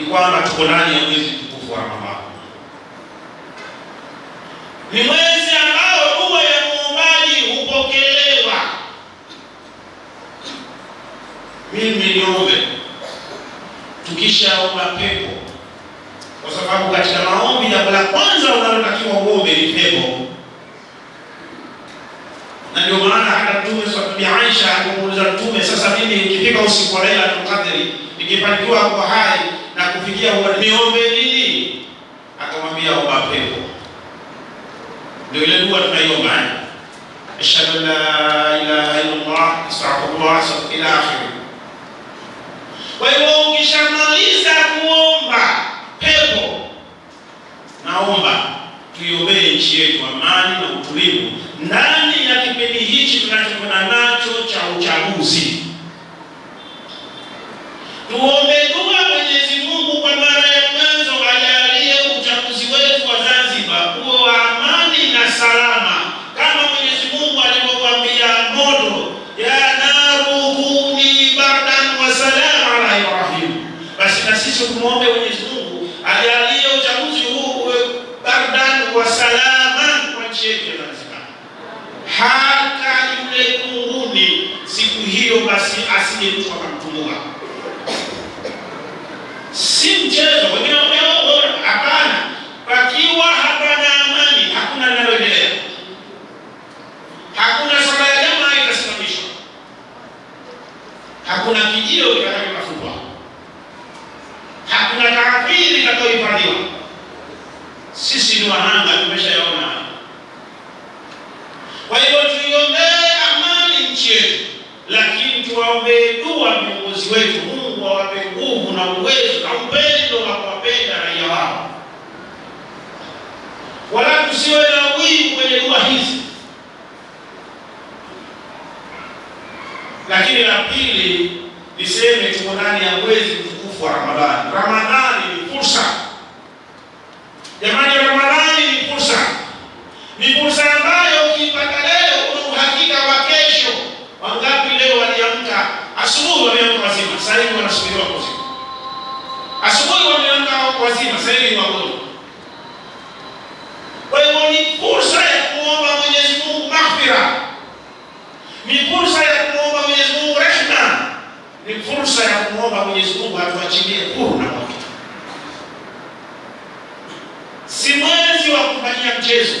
ni kwamba tuko ndani ya mwezi mtukufu wa Ramadhani, ni mwezi ambao dua ya muombaji hupokelewa. Mimi niombe tukishaomba pepo, kwa sababu katika maombi jambo la kwanza unalotakiwa uombe ni pepo, na ndio maana hata Mtume Aisha alimuuliza Mtume, sasa mimi nikifika usiku wa Lailatul Qadri nikifanikiwa kwa hai kufikia huko niombe nini? Akamwambia omba pepo. Ndio ile dua tunaiomba eh? ashhadu la ilaha illa Allah astaghfirullah ila akhir. Kwa hiyo ukishamaliza kuomba pepo, naomba tuiombee nchi yetu amani na utulivu ndani ya kipindi hichi tunachokwenda nacho cha uchaguzi. Tuombe dua sisi tumuombe Mwenyezi Mungu ajalie uchaguzi huu uwe bardan wa salama kwa nchi yetu ya Zanzibar. Hata yule kunguni siku hiyo basi asije mtu akamtumua. Si mchezo, wengine wanaona oh, oh, oh, hapana, pakiwa hapana amani, hakuna linaloendelea, hakuna sala ya jamaa itasimamishwa, hakuna kijio kitakachofuta hakuna takafiri itakayohifadhiwa. Sisi ni wahanga, tumeshayaona. Kwa hivyo tuiombee amani nchi yetu, lakini tuwaombee dua viongozi wetu. Mungu awape nguvu na uwezo na upendo wa kuwapenda raia wao, wala tusiwe na wivu kwenye dua hizi. Lakini la pili niseme tuko ndani ya mwezi mtukufu wa Ramadhani. Ramadhani ni fursa, jamani, Ramadhani ni fursa, ni fursa ambayo ukipata leo una uhakika wa kesho. Wangapi leo waliamka asubuhi, waliamka wazima, sasa hivi wanasubiriwa kuzimu. Asubuhi waliamka wazima, sasa hivi wagonjwa ni fursa ya kumwomba Mwenyezi Mungu atuachilie huru na mwaka. Si mwezi wa kufanyia mchezo,